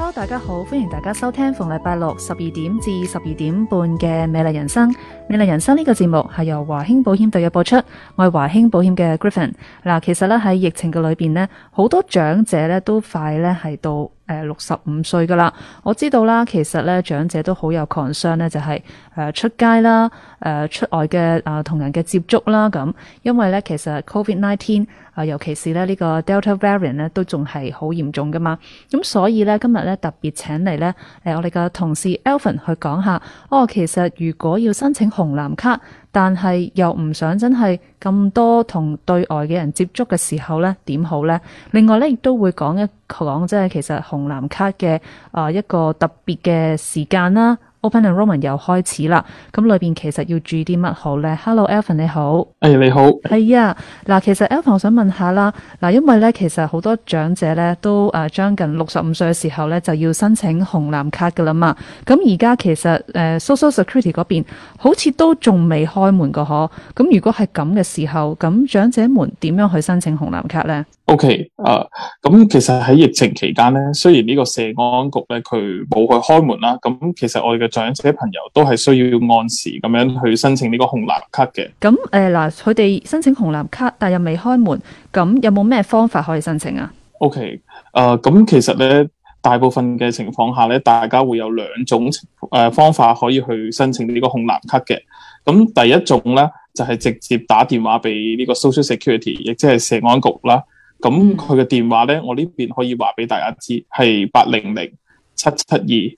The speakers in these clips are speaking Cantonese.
Hello 大家好，歡迎大家收聽逢禮拜六十二點至十二點半嘅美麗人生。美麗人生呢、這個節目係由華興保險隊嘅播出，我係華興保險嘅 Griffin。嗱，其實咧喺疫情嘅裏邊咧，好多長者咧都快咧係到誒六十五歲噶啦。我知道啦，其實咧長者都好有 concern 咧、就是，就係誒出街啦，誒、呃、出外嘅啊同人嘅接觸啦，咁因為咧其實 Covid nineteen。19, 尤其是咧呢個 Delta variant 咧都仲係好嚴重噶嘛，咁所以咧今日咧特別請嚟咧誒我哋嘅同事 Alvin 去講下，哦其實如果要申請紅藍卡，但係又唔想真係咁多同對外嘅人接觸嘅時候咧點好咧？另外咧亦都會講一講即係其實紅藍卡嘅啊一個特別嘅時間啦。Open enrollment 又開始啦，咁裏邊其實要注意啲乜好咧？Hello，Alvin 你好，誒你好，係啊、哎，嗱其實 Alvin 我想問下啦，嗱因為咧其實好多長者咧都誒將近六十五歲嘅時候咧就要申請紅藍卡噶啦嘛，咁而家其實誒 social security 嗰邊好似都仲未開門個嗬。咁如果係咁嘅時候，咁長者們點樣去申請紅藍卡咧？O.K. 啊，咁其實喺疫情期間咧，雖然呢個社安局咧佢冇去開門啦，咁其實我哋嘅長者朋友都係需要按時咁樣去申請呢個紅藍卡嘅。咁誒嗱，呃、佢哋申請紅藍卡，但又未開門，咁有冇咩方法可以申請啊？O.K. 啊，咁其實咧，大部分嘅情況下咧，大家會有兩種誒方法可以去申請呢個紅藍卡嘅。咁第一種咧，就係直接打電話俾呢個 Social Security，亦即係社安局啦。咁佢嘅電話咧，我呢邊可以話俾大家知，係八零零七七二一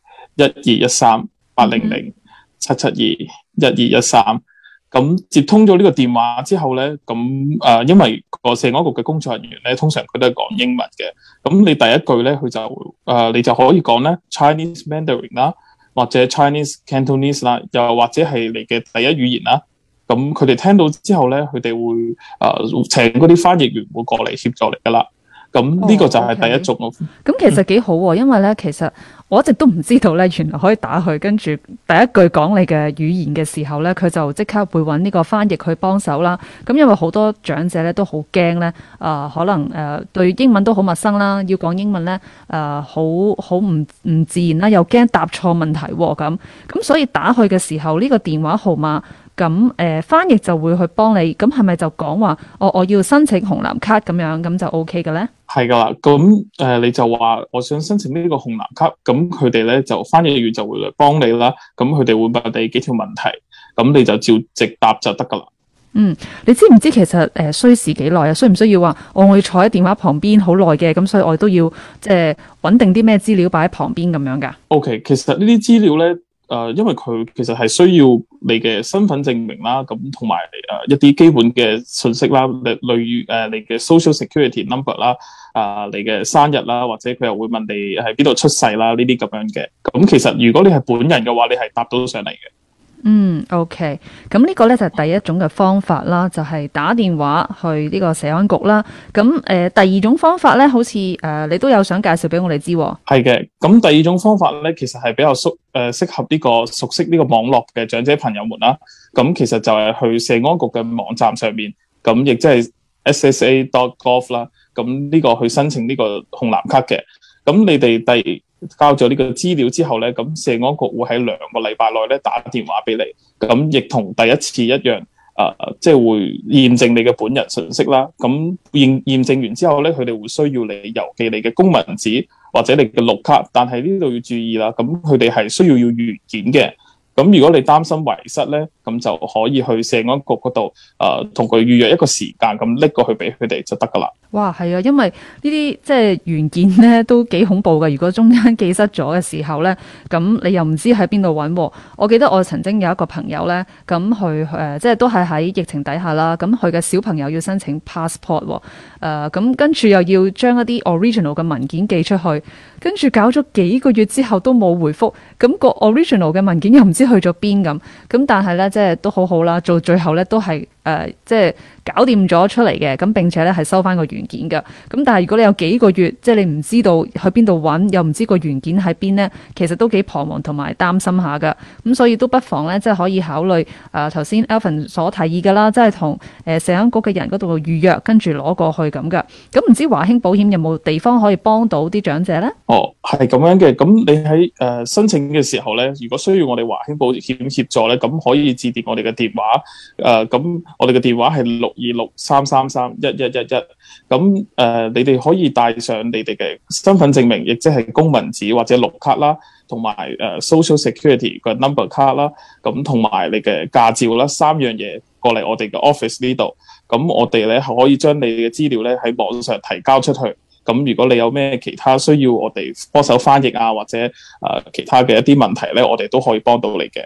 二一三，八零零七七二一二一三。咁接通咗呢個電話之後咧，咁誒，因為個社安局嘅工作人員咧，通常佢都係講英文嘅。咁你第一句咧，佢就誒，你就可以講咧 Chinese Mandarin 啦，或者 Chinese Cantonese 啦，又或者係你嘅第一語言啦。咁佢哋聽到之後咧，佢哋會啊、呃、請嗰啲翻譯員會過嚟協助你噶啦。咁呢個就係第一種咯。咁、oh, okay. 嗯、其實幾好喎、啊，因為咧，其實我一直都唔知道咧，原來可以打佢跟住第一句講你嘅語言嘅時候咧，佢就即刻會搵呢個翻譯去幫手啦。咁因為好多長者咧都好驚咧，啊、呃，可能誒、呃、對英文都好陌生啦，要講英文咧，誒好好唔唔自然啦，又驚答錯問題喎、啊。咁咁所以打佢嘅時候，呢、呢個電話號碼。咁誒、呃，翻譯就會去幫你，咁係咪就講話我我要申請紅藍卡咁樣，咁就 O K 嘅咧？係噶啦，咁誒、呃，你就話我想申請呢個紅藍卡，咁佢哋咧就翻譯員就會嚟幫你啦。咁佢哋會問你幾條問題，咁你就照直答就得噶啦。嗯，你知唔知其實誒、呃、需時幾耐啊？需唔需要話我、哦、我要坐喺電話旁邊好耐嘅？咁所以我都要即係穩定啲咩資料擺喺旁邊咁樣噶？O K，其實資呢啲資料咧，誒，因為佢其實係需要你嘅身份證明啦，咁同埋誒一啲基本嘅信息啦，例如誒你嘅 social security number 啦、啊，啊你嘅生日啦，或者佢又會問你喺邊度出世啦呢啲咁樣嘅，咁其實如果你係本人嘅話，你係答到上嚟嘅。嗯，OK，咁呢個咧就係第一種嘅方法啦，就係、是、打電話去呢個社安局啦。咁誒、呃，第二種方法咧，好似誒、呃，你都有想介紹俾我哋知。係嘅，咁第二種方法咧，其實係比較熟誒，適合呢個熟悉呢個網絡嘅長者朋友們啦。咁其實就係去社安局嘅網站上面，咁亦即係 ssa.gov 啦。咁呢個去申請呢個紅藍卡嘅。咁你哋第。交咗呢個資料之後咧，咁社安局會喺兩個禮拜內咧打電話俾你，咁亦同第一次一樣，誒、呃，即係會驗證你嘅本人信息啦。咁驗驗證完之後咧，佢哋會需要你郵寄你嘅公民紙或者你嘅綠卡，但係呢度要注意啦，咁佢哋係需要要原件嘅。咁如果你擔心遺失咧，咁就可以去社安局嗰度，誒同佢預約一個時間，咁拎過去俾佢哋就得噶啦。哇，係啊，因為呢啲即係原件咧都幾恐怖噶。如果中間寄失咗嘅時候咧，咁你又唔知喺邊度揾。我記得我曾經有一個朋友咧，咁佢，誒、呃，即係都係喺疫情底下啦，咁佢嘅小朋友要申請 passport 啊。誒咁、呃、跟住又要將一啲 original 嘅文件寄出去，跟住搞咗幾個月之後都冇回覆，咁個 original 嘅文件又唔知去咗邊咁，咁但係呢，即係都好好啦，做最後呢，都係。誒、呃，即係搞掂咗出嚟嘅，咁並且咧係收翻個原件嘅。咁但係如果你有幾個月，即係你唔知道去邊度揾，又唔知個原件喺邊呢，其實都幾彷徨同埋擔心下嘅。咁所以都不妨咧，即係可以考慮誒頭、呃、先 Alvin 所提議嘅啦，即係同誒社安局嘅人嗰度預約，跟住攞過去咁嘅。咁唔知華興保險有冇地方可以幫到啲長者咧？哦，係咁樣嘅。咁你喺誒、呃、申請嘅時候咧，如果需要我哋華興保險協助咧，咁可以致電我哋嘅電話。誒、呃、咁。呃我哋嘅電話係六二六三三三一一一一，咁、呃、誒，你哋可以帶上你哋嘅身份證明，亦即係公民紙或者綠卡啦，同埋誒 social security 嘅 number card 啦，咁同埋你嘅駕照啦，三樣嘢過嚟我哋嘅 office 呢度，咁我哋咧可以將你嘅資料咧喺網上提交出去。咁如果你有咩其他需要我哋幫手翻譯啊，或者誒、呃、其他嘅一啲問題咧，我哋都可以幫到你嘅。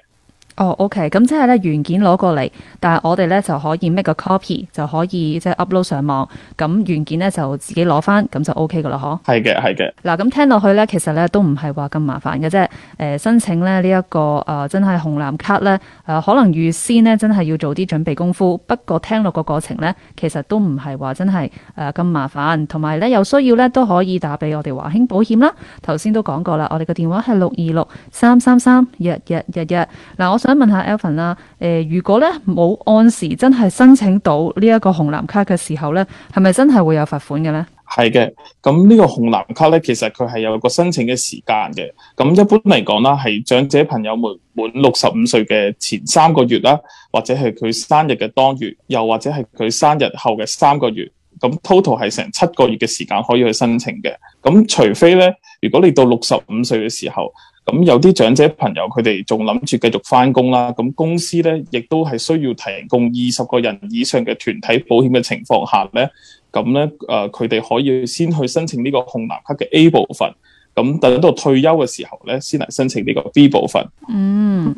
哦，OK，咁即係咧原件攞過嚟，但係我哋咧就可以 make 個 copy，就可以即係 upload 上網，咁原件咧就自己攞翻，咁就 OK 噶啦，嗬？係嘅，係嘅。嗱，咁聽落去咧，其實咧都唔係話咁麻煩嘅啫。誒，申請咧呢一個誒真係紅藍卡咧，誒可能預先呢真係要做啲準備功夫。不過聽落個過程咧，其實都唔係話真係誒咁麻煩。同埋咧有需要咧都可以打俾我哋華興保險啦。頭先都講過啦，我哋嘅電話係六二六三三三日日日日。嗱，我。想問下 Alvin 啦、呃，誒，如果咧冇按時真係申請到呢一個紅藍卡嘅時候咧，係咪真係會有罰款嘅咧？係嘅，咁呢個紅藍卡咧，其實佢係有個申請嘅時間嘅。咁一般嚟講啦，係長者朋友滿滿六十五歲嘅前三個月啦，或者係佢生日嘅當月，又或者係佢生日後嘅三個月。咁 total 係成七個月嘅時間可以去申請嘅。咁除非咧，如果你到六十五歲嘅時候。咁有啲長者朋友佢哋仲諗住繼續返工啦，咁公司咧亦都係需要提供二十個人以上嘅團體保險嘅情況下咧，咁咧誒佢哋可以先去申請呢個紅藍卡嘅 A 部分，咁等到退休嘅時候咧先嚟申請呢個 B 部分。嗯，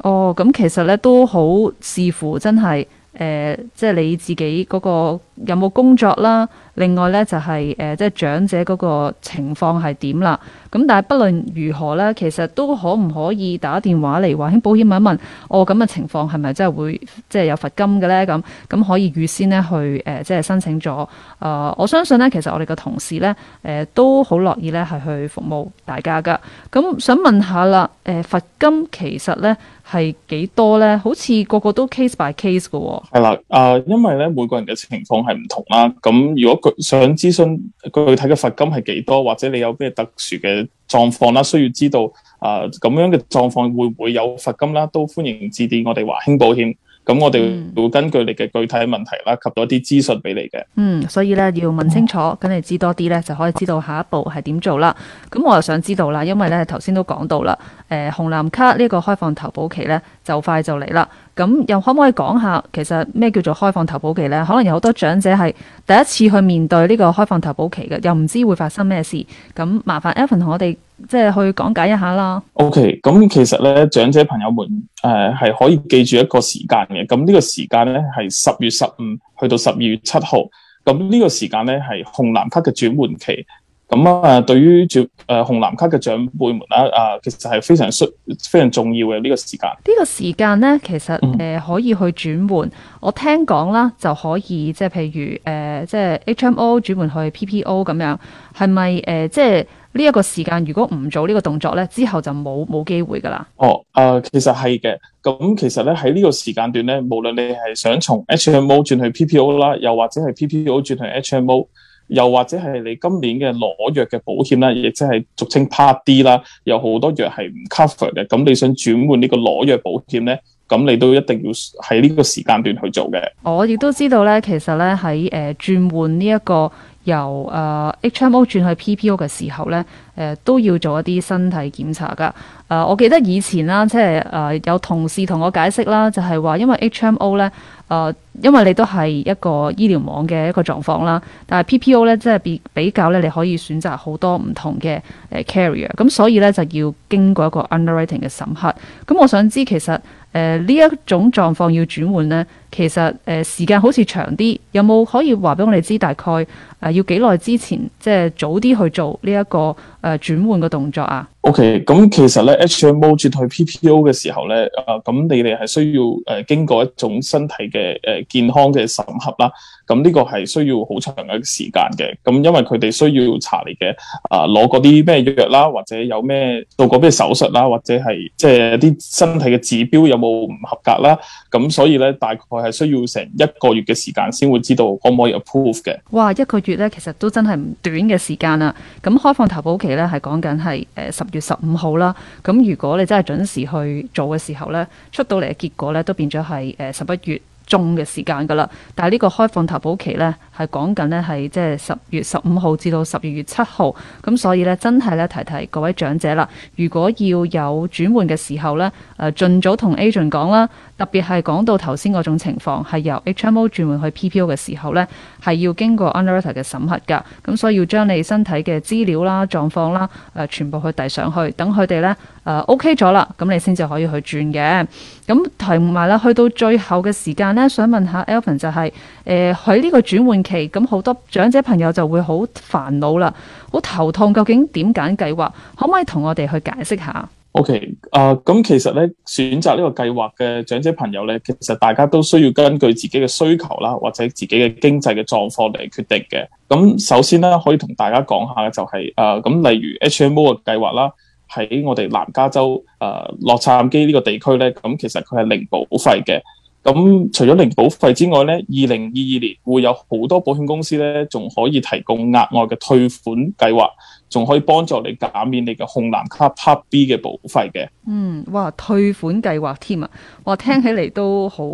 哦，咁其實咧都好視乎真係。誒、呃，即係你自己嗰個有冇工作啦？另外呢，就係、是、誒、呃，即係長者嗰個情況係點啦？咁但係不論如何呢，其實都可唔可以打電話嚟華興保險問一問，哦，咁嘅情況係咪真係會即係有罰金嘅呢？咁咁可以預先呢去誒、呃，即係申請咗。誒、呃，我相信呢，其實我哋嘅同事呢，誒、呃、都好樂意呢係去服務大家㗎。咁、嗯、想問下啦，誒、呃、罰金其實呢？係幾多咧？好似個個都 case by case 噶喎、哦。係啦，啊、呃，因為咧每個人嘅情況係唔同啦。咁如果佢想諮詢具體嘅罰金係幾多，或者你有咩特殊嘅狀況啦，需要知道啊咁、呃、樣嘅狀況會唔會有罰金啦？都歡迎致電我哋華興保險。咁我哋會根據你嘅具體問題啦，及到一啲資訊俾你嘅。嗯，所以咧要問清楚，咁你知多啲咧就可以知道下一步係點做啦。咁我又想知道啦，因為咧頭先都講到啦，誒紅藍卡呢個開放投保期咧就快就嚟啦。咁又可唔可以講下其實咩叫做開放投保期咧？可能有好多長者係第一次去面對呢個開放投保期嘅，又唔知會發生咩事。咁麻煩 Evan 同我哋。即係去講解一下啦。OK，咁其實咧，長者朋友們，誒、呃、係可以記住一個時間嘅。咁呢個時間咧係十月十五去到十二月七號。咁呢個時間咧係紅藍卡嘅轉換期。咁啊、嗯，對於長誒紅藍卡嘅長輩們啦，啊，其實係非常需非常重要嘅呢、這個時間。呢個時間咧，其實誒、嗯呃、可以去轉換。我聽講啦，就可以即係譬如誒，即、呃、係、就是、HMO 轉換去 PPO 咁樣，係咪誒即係呢一個時間？如果唔做呢個動作咧，之後就冇冇機會噶啦。哦，啊、呃，其實係嘅。咁、嗯、其實咧喺呢個時間段咧，無論你係想從 HMO 轉去 PPO 啦，又或者係 PPO 轉去 HMO。又或者係你今年嘅攞藥嘅保險啦，亦即係俗稱 Part D 啦，有好多藥係唔 cover 嘅。咁你想轉換呢個攞藥保險咧，咁你都一定要喺呢個時間段去做嘅。我亦都知道咧，其實咧喺誒轉換呢一、呃這個由誒、呃、HMO 轉去 PPO 嘅時候咧，誒、呃、都要做一啲身體檢查噶。誒、呃，我記得以前啦，即係誒、呃、有同事同我解釋啦，就係、是、話因為 HMO 咧。誒，uh, 因為你都係一個醫療網嘅一個狀況啦，但係 PPO 咧，即係比比較咧，你可以選擇好多唔同嘅誒、uh, carrier，咁所以咧就要經過一個 underwriting 嘅審核。咁、嗯、我想知其實。誒，呃、狀況呢一種狀況要轉換咧，其實誒、呃、時間好似長啲，有冇可以話俾我哋知大概誒、呃、要幾耐之前，即係早啲去做呢、這、一個誒轉換嘅動作啊？OK，咁、嗯、其實咧，HMO 轉去 PPO 嘅時候咧，啊、呃、咁你哋係需要誒經過一種身體嘅誒健康嘅審核啦。咁呢個係需要好長嘅時間嘅，咁因為佢哋需要查你嘅啊，攞嗰啲咩藥啦，或者有咩做過咩手術啦，或者係即係啲身體嘅指標有冇唔合格啦，咁所以咧，大概係需要成一個月嘅時間先會知道可唔可以 approve 嘅。哇，一個月咧，其實都真係唔短嘅時間啦。咁開放投保期咧係講緊係誒十月十五號啦，咁如果你真係準時去做嘅時候咧，出到嚟嘅結果咧都變咗係誒十一月中嘅時間㗎喇，但係呢個開放投保期呢，係講緊呢，係即係十月十五號至到十二月七號，咁所以呢，真係咧提提各位長者啦，如果要有轉換嘅時候呢，誒盡早同 agent 講啦，特別係講到頭先嗰種情況係由 HMO 轉換去 PPO 嘅時候呢。係要經過 underwriter 嘅審核噶，咁所以要將你身體嘅資料啦、狀況啦，誒、呃，全部去遞上去，等佢哋呢誒、呃、OK 咗啦，咁你先至可以去轉嘅。咁同埋啦，去到最後嘅時間呢，想問下 Alvin 就係、是，誒喺呢個轉換期，咁好多長者朋友就會好煩惱啦，好頭痛，究竟點揀計劃？可唔可以同我哋去解釋下？OK 啊、呃，咁其實咧，選擇呢個計劃嘅長者朋友咧，其實大家都需要根據自己嘅需求啦，或者自己嘅經濟嘅狀況嚟決定嘅。咁首先咧，可以同大家講下嘅就係、是，誒、呃，咁例如 HMO 嘅計劃啦，喺我哋南加州誒、呃、洛杉磯呢個地區咧，咁其實佢係零保費嘅。咁除咗零保費之外咧，二零二二年會有好多保險公司咧，仲可以提供額外嘅退款計劃。仲可以幫助你減免你嘅紅藍卡 Part B 嘅保費嘅。嗯，哇，退款計劃添啊！哇，聽起嚟都好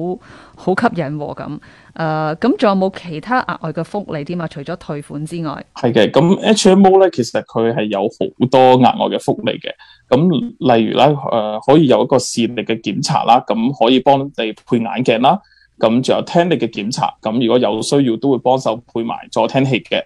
好吸引喎、啊、咁。誒、呃，咁仲有冇其他額外嘅福利添啊？除咗退款之外，係嘅。咁 HMO 咧，其實佢係有好多額外嘅福利嘅。咁例如咧，誒、呃、可以有一個視力嘅檢查啦，咁可以幫你配眼鏡啦。咁仲有聽力嘅檢查，咁如果有需要都會幫手配埋助聽器嘅。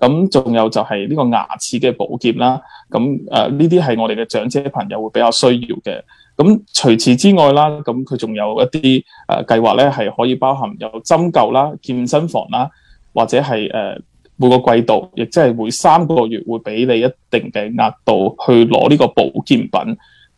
咁仲有就係呢個牙齒嘅保健啦，咁誒呢啲係我哋嘅長者朋友會比較需要嘅。咁除此之外啦，咁佢仲有一啲誒、呃、計劃咧，係可以包含有針灸啦、健身房啦，或者係誒、呃、每個季度，亦即係每三個月會俾你一定嘅額度去攞呢個保健品。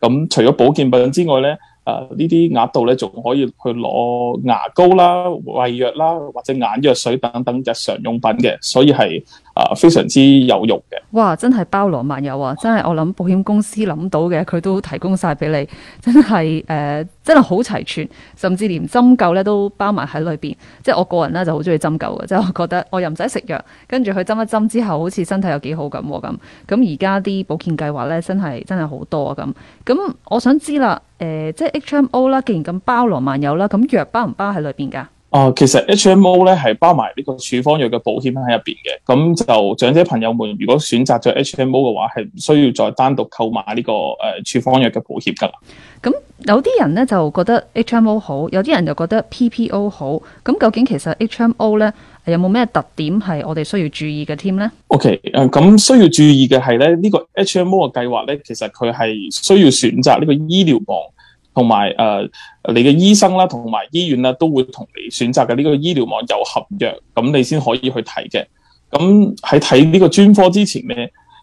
咁除咗保健品之外咧，誒呢啲額度咧仲可以去攞牙膏啦、胃藥啦，或者眼藥水等等日常用品嘅，所以係。啊，非常之有用嘅。哇，真係包羅萬有啊！真係我諗保險公司諗到嘅，佢都提供晒俾你。真係，誒、呃，真係好齊全，甚至連針灸咧都包埋喺裏邊。即係我個人咧就好中意針灸嘅，即係我覺得我又唔使食藥，跟住佢針一針之後，好似身體有幾好咁、啊、咁。咁而家啲保健計劃咧，真係真係好多啊！咁咁，我想知啦，誒、呃，即係 HMO 啦，既然咁包羅萬有啦，咁藥包唔包喺裏邊噶？啊，其實 HMO 咧係包埋呢個處方藥嘅保險喺入邊嘅，咁就長者朋友們如果選擇咗 HMO 嘅話，係唔需要再單獨購買呢個誒處方藥嘅保險噶啦。咁有啲人咧就覺得 HMO 好，有啲人就覺得 PPO 好。咁究竟其實 HMO 咧有冇咩特點係我哋需要注意嘅添咧？OK，誒咁需要注意嘅係咧呢個 HMO 嘅計劃咧，其實佢係需要選擇呢個醫療網。同埋誒你嘅醫生啦，同埋醫院啦，都會同你選擇嘅呢個醫療網有合約，咁你先可以去睇嘅。咁喺睇呢個專科之前呢，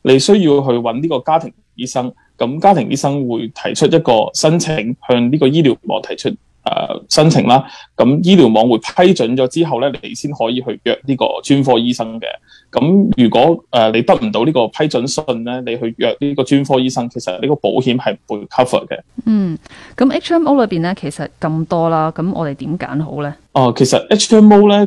你需要去搵呢個家庭醫生，咁家庭醫生會提出一個申請向呢個醫療網提出。誒、呃、申請啦，咁醫療網會批准咗之後咧，你先可以去約呢個專科醫生嘅。咁如果誒、呃、你得唔到呢個批准信咧，你去約呢個專科醫生，其實呢個保險係唔會 cover 嘅。嗯，咁 HMO 裏邊咧，其實咁多啦，咁我哋點揀好咧？哦、呃，其實 HMO 咧，誒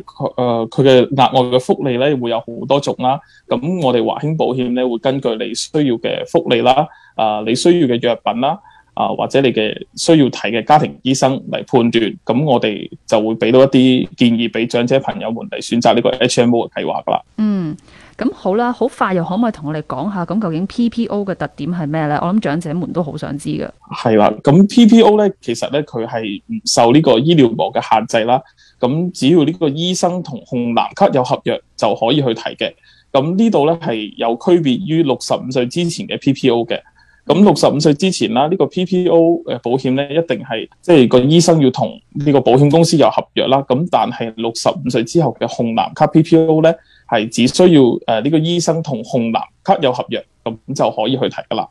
佢嘅額外嘅福利咧，會有好多種啦。咁我哋華興保險咧，會根據你需要嘅福利啦，啊、呃、你需要嘅藥品啦。啊，或者你嘅需要睇嘅家庭醫生嚟判斷，咁我哋就會俾到一啲建議俾長者朋友們嚟選擇呢個 HMO 嘅計劃噶啦。嗯，咁好啦，好快又可唔可以同我哋講下，咁究竟 PPO 嘅特點係咩咧？我諗長者們都好想知嘅。係啦、啊，咁 PPO 咧，其實咧佢係唔受呢個醫療網嘅限制啦。咁只要呢個醫生同紅藍卡有合約就可以去睇嘅。咁呢度咧係有區別於六十五歲之前嘅 PPO 嘅。咁六十五歲之前啦，呢、這個 PPO 誒保險咧，一定係即係個醫生要同呢個保險公司有合約啦。咁但係六十五歲之後嘅紅藍卡 PPO 咧，係只需要誒呢個醫生同紅藍卡有合約，咁就可以去睇㗎喇。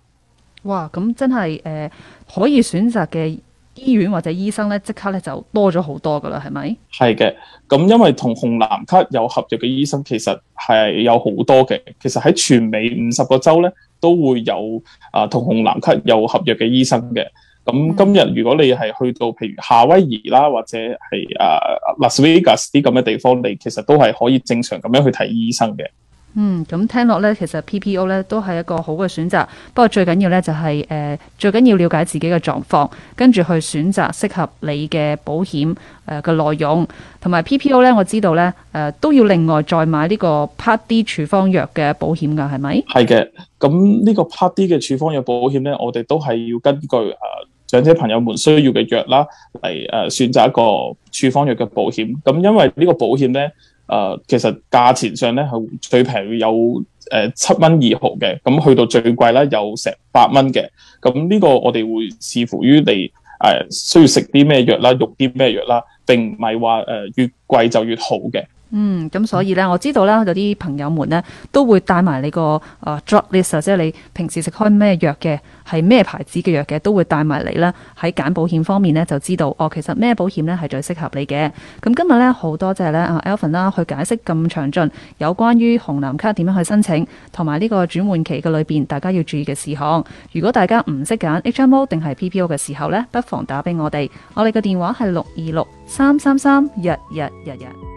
哇！咁真係誒、呃，可以選擇嘅醫院或者醫生咧，即刻咧就多咗好多㗎喇，係咪？係嘅。咁因為同紅藍卡有合約嘅醫生其，其實係有好多嘅。其實喺全美五十個州咧。都會有啊，同、呃、紅藍卡有合約嘅醫生嘅。咁今日如果你係去到譬如夏威夷啦，或者係啊 Las Vegas 啲咁嘅地方，你其實都係可以正常咁樣去睇醫生嘅。嗯，咁聽落咧，其實 PPO 咧都係一個好嘅選擇。不過最緊要咧就係、是、誒、呃，最緊要了解自己嘅狀況，跟住去選擇適合你嘅保險誒嘅內容。同埋 PPO 咧，我知道咧誒、呃、都要另外再買呢個 part D 處方藥嘅保險㗎，係咪？係嘅，咁呢個 part D 嘅處方藥保險咧，我哋都係要根據誒、呃、長者朋友們需要嘅藥啦嚟誒選擇一個處方藥嘅保險。咁因為呢個保險咧。誒、呃，其實價錢上咧係最平有誒、呃、七蚊二毫嘅，咁去到最貴咧有成八蚊嘅，咁呢個我哋會視乎于你誒、呃、需要食啲咩藥啦，用啲咩藥啦，並唔係話誒越貴就越好嘅。嗯，咁所以呢，我知道啦，有啲朋友們咧都會帶埋你個誒 drug list，即係你平時食開咩藥嘅，係咩牌子嘅藥嘅，都會帶埋嚟。咧。喺揀保險方面呢，就知道哦，其實咩保險呢係最適合你嘅。咁今日呢，好多謝呢，阿 Elvin 啦，去解釋咁詳盡有關於紅藍卡點樣去申請，同埋呢個轉換期嘅裡邊大家要注意嘅事項。如果大家唔識揀 HMO 定係 PPO 嘅時候呢，不妨打俾我哋，我哋嘅電話係六二六三三三日日日日。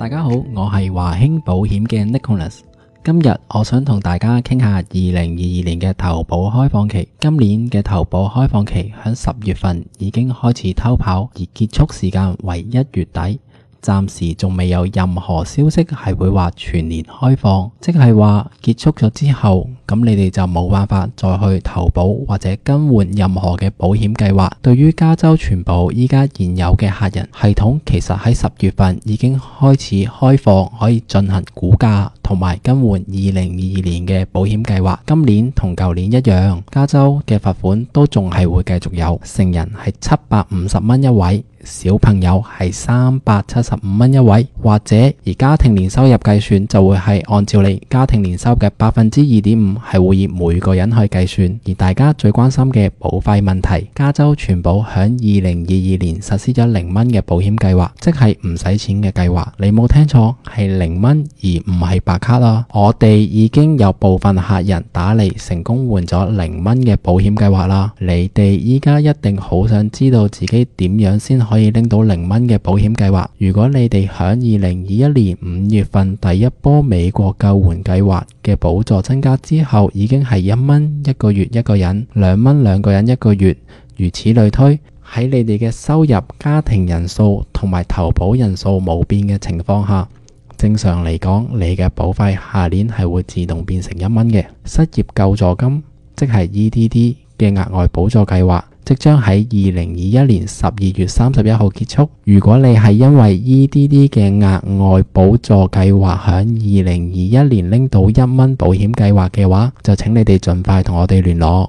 大家好，我係華興保險嘅 Nicholas，今日我想同大家傾下二零二二年嘅投保開放期。今年嘅投保開放期響十月份已經開始偷跑，而結束時間為一月底，暫時仲未有任何消息係會話全年開放，即係話結束咗之後。咁你哋就冇辦法再去投保或者更換任何嘅保險計劃。對於加州全部依家現有嘅客人，系統其實喺十月份已經開始開放，可以進行估價同埋更換二零二二年嘅保險計劃。今年同舊年一樣，加州嘅罰款都仲係會繼續有。成人係七百五十蚊一位，小朋友係三百七十五蚊一位，或者而家庭年收入計算就會係按照你家庭年收嘅百分之二點五。係會以每個人去計算，而大家最關心嘅保費問題，加州全保響二零二二年實施咗零蚊嘅保險計劃，即係唔使錢嘅計劃。你冇聽錯，係零蚊而唔係白卡啦。我哋已經有部分客人打嚟成功換咗零蚊嘅保險計劃啦。你哋依家一定好想知道自己點樣先可以拎到零蚊嘅保險計劃。如果你哋響二零二一年五月份第一波美國救援計劃嘅補助增加之後，後已經係一蚊一個月一個人，兩蚊兩個人一個月，如此類推。喺你哋嘅收入、家庭人數同埋投保人數冇變嘅情況下，正常嚟講，你嘅保費下年係會自動變成一蚊嘅。失業救助金，即係 EDD 嘅額外補助計劃。即將喺二零二一年十二月三十一號結束。如果你係因為 EDD 嘅額外補助計劃響二零二一年拎到一蚊保險計劃嘅話，就請你哋盡快同我哋聯絡，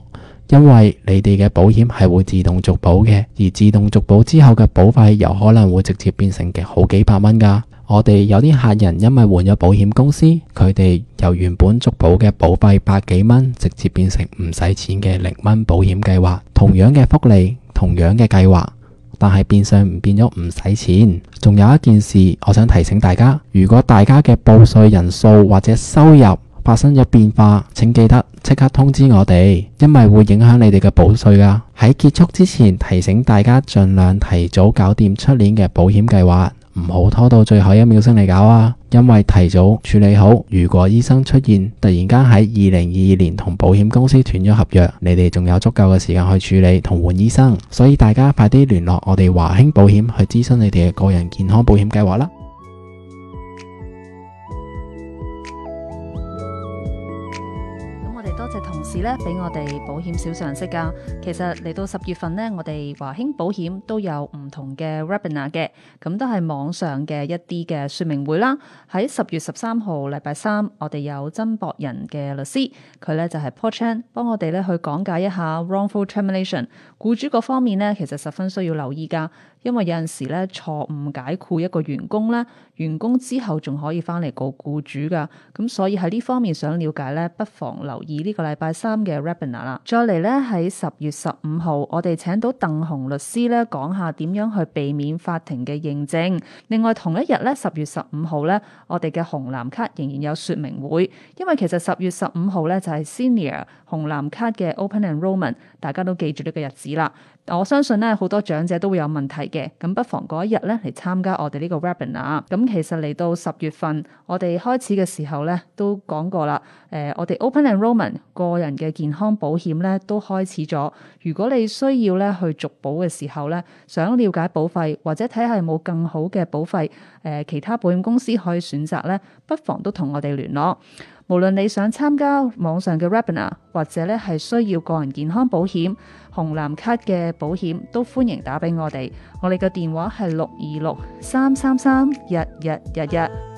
因為你哋嘅保險係會自動續保嘅，而自動續保之後嘅保費有可能會直接變成好幾百蚊噶。我哋有啲客人因為換咗保險公司，佢哋由原本續保嘅保費百幾蚊，直接變成唔使錢嘅零蚊保險計劃。同樣嘅福利，同樣嘅計劃，但係變相唔變咗唔使錢。仲有一件事，我想提醒大家，如果大家嘅報稅人數或者收入發生咗變化，請記得即刻通知我哋，因為會影響你哋嘅報稅啊。喺結束之前提醒大家，盡量提早搞掂出年嘅保險計劃。唔好拖到最後一秒先嚟搞啊！因為提早處理好，如果醫生出現，突然間喺二零二二年同保險公司斷咗合約，你哋仲有足夠嘅時間去處理同換醫生。所以大家快啲聯絡我哋華興保險，去諮詢你哋嘅個人健康保險計劃啦！咧俾我哋保險小常識噶，其實嚟到十月份呢，我哋華興保險都有唔同嘅 webinar 嘅，咁都係網上嘅一啲嘅說明會啦。喺十月十三號禮拜三，我哋有曾博仁嘅律師，佢呢就係 Paul Chan 幫我哋咧去講解一下 wrongful termination，僱主各方面呢，其實十分需要留意噶。因為有陣時咧錯誤解雇一個員工咧，員工之後仲可以翻嚟告雇主噶，咁、嗯、所以喺呢方面想了解咧，不妨留意呢個禮拜三嘅 webinar 啦。再嚟咧喺十月十五號，我哋請到鄧紅律師咧講下點樣去避免法庭嘅認證。另外同一日咧十月十五號咧，我哋嘅紅藍卡仍然有説明會，因為其實十月十五號咧就係 senior 紅藍卡嘅 open enrollment，大家都記住呢個日子啦。我相信咧，好多長者都會有問題嘅，咁不妨嗰一日咧嚟參加我哋呢個 webinar。咁其實嚟到十月份，我哋開始嘅時候咧都講過啦。誒、呃，我哋 Open Enrollment 個人嘅健康保險咧都開始咗。如果你需要咧去續保嘅時候咧，想了解保費或者睇下有冇更好嘅保費，誒、呃、其他保險公司可以選擇咧，不妨都同我哋聯絡。無論你想參加網上嘅 webinar 或者咧，係需要個人健康保險、紅藍卡嘅保險，都歡迎打俾我哋。我哋嘅電話係六二六三三三一一一一。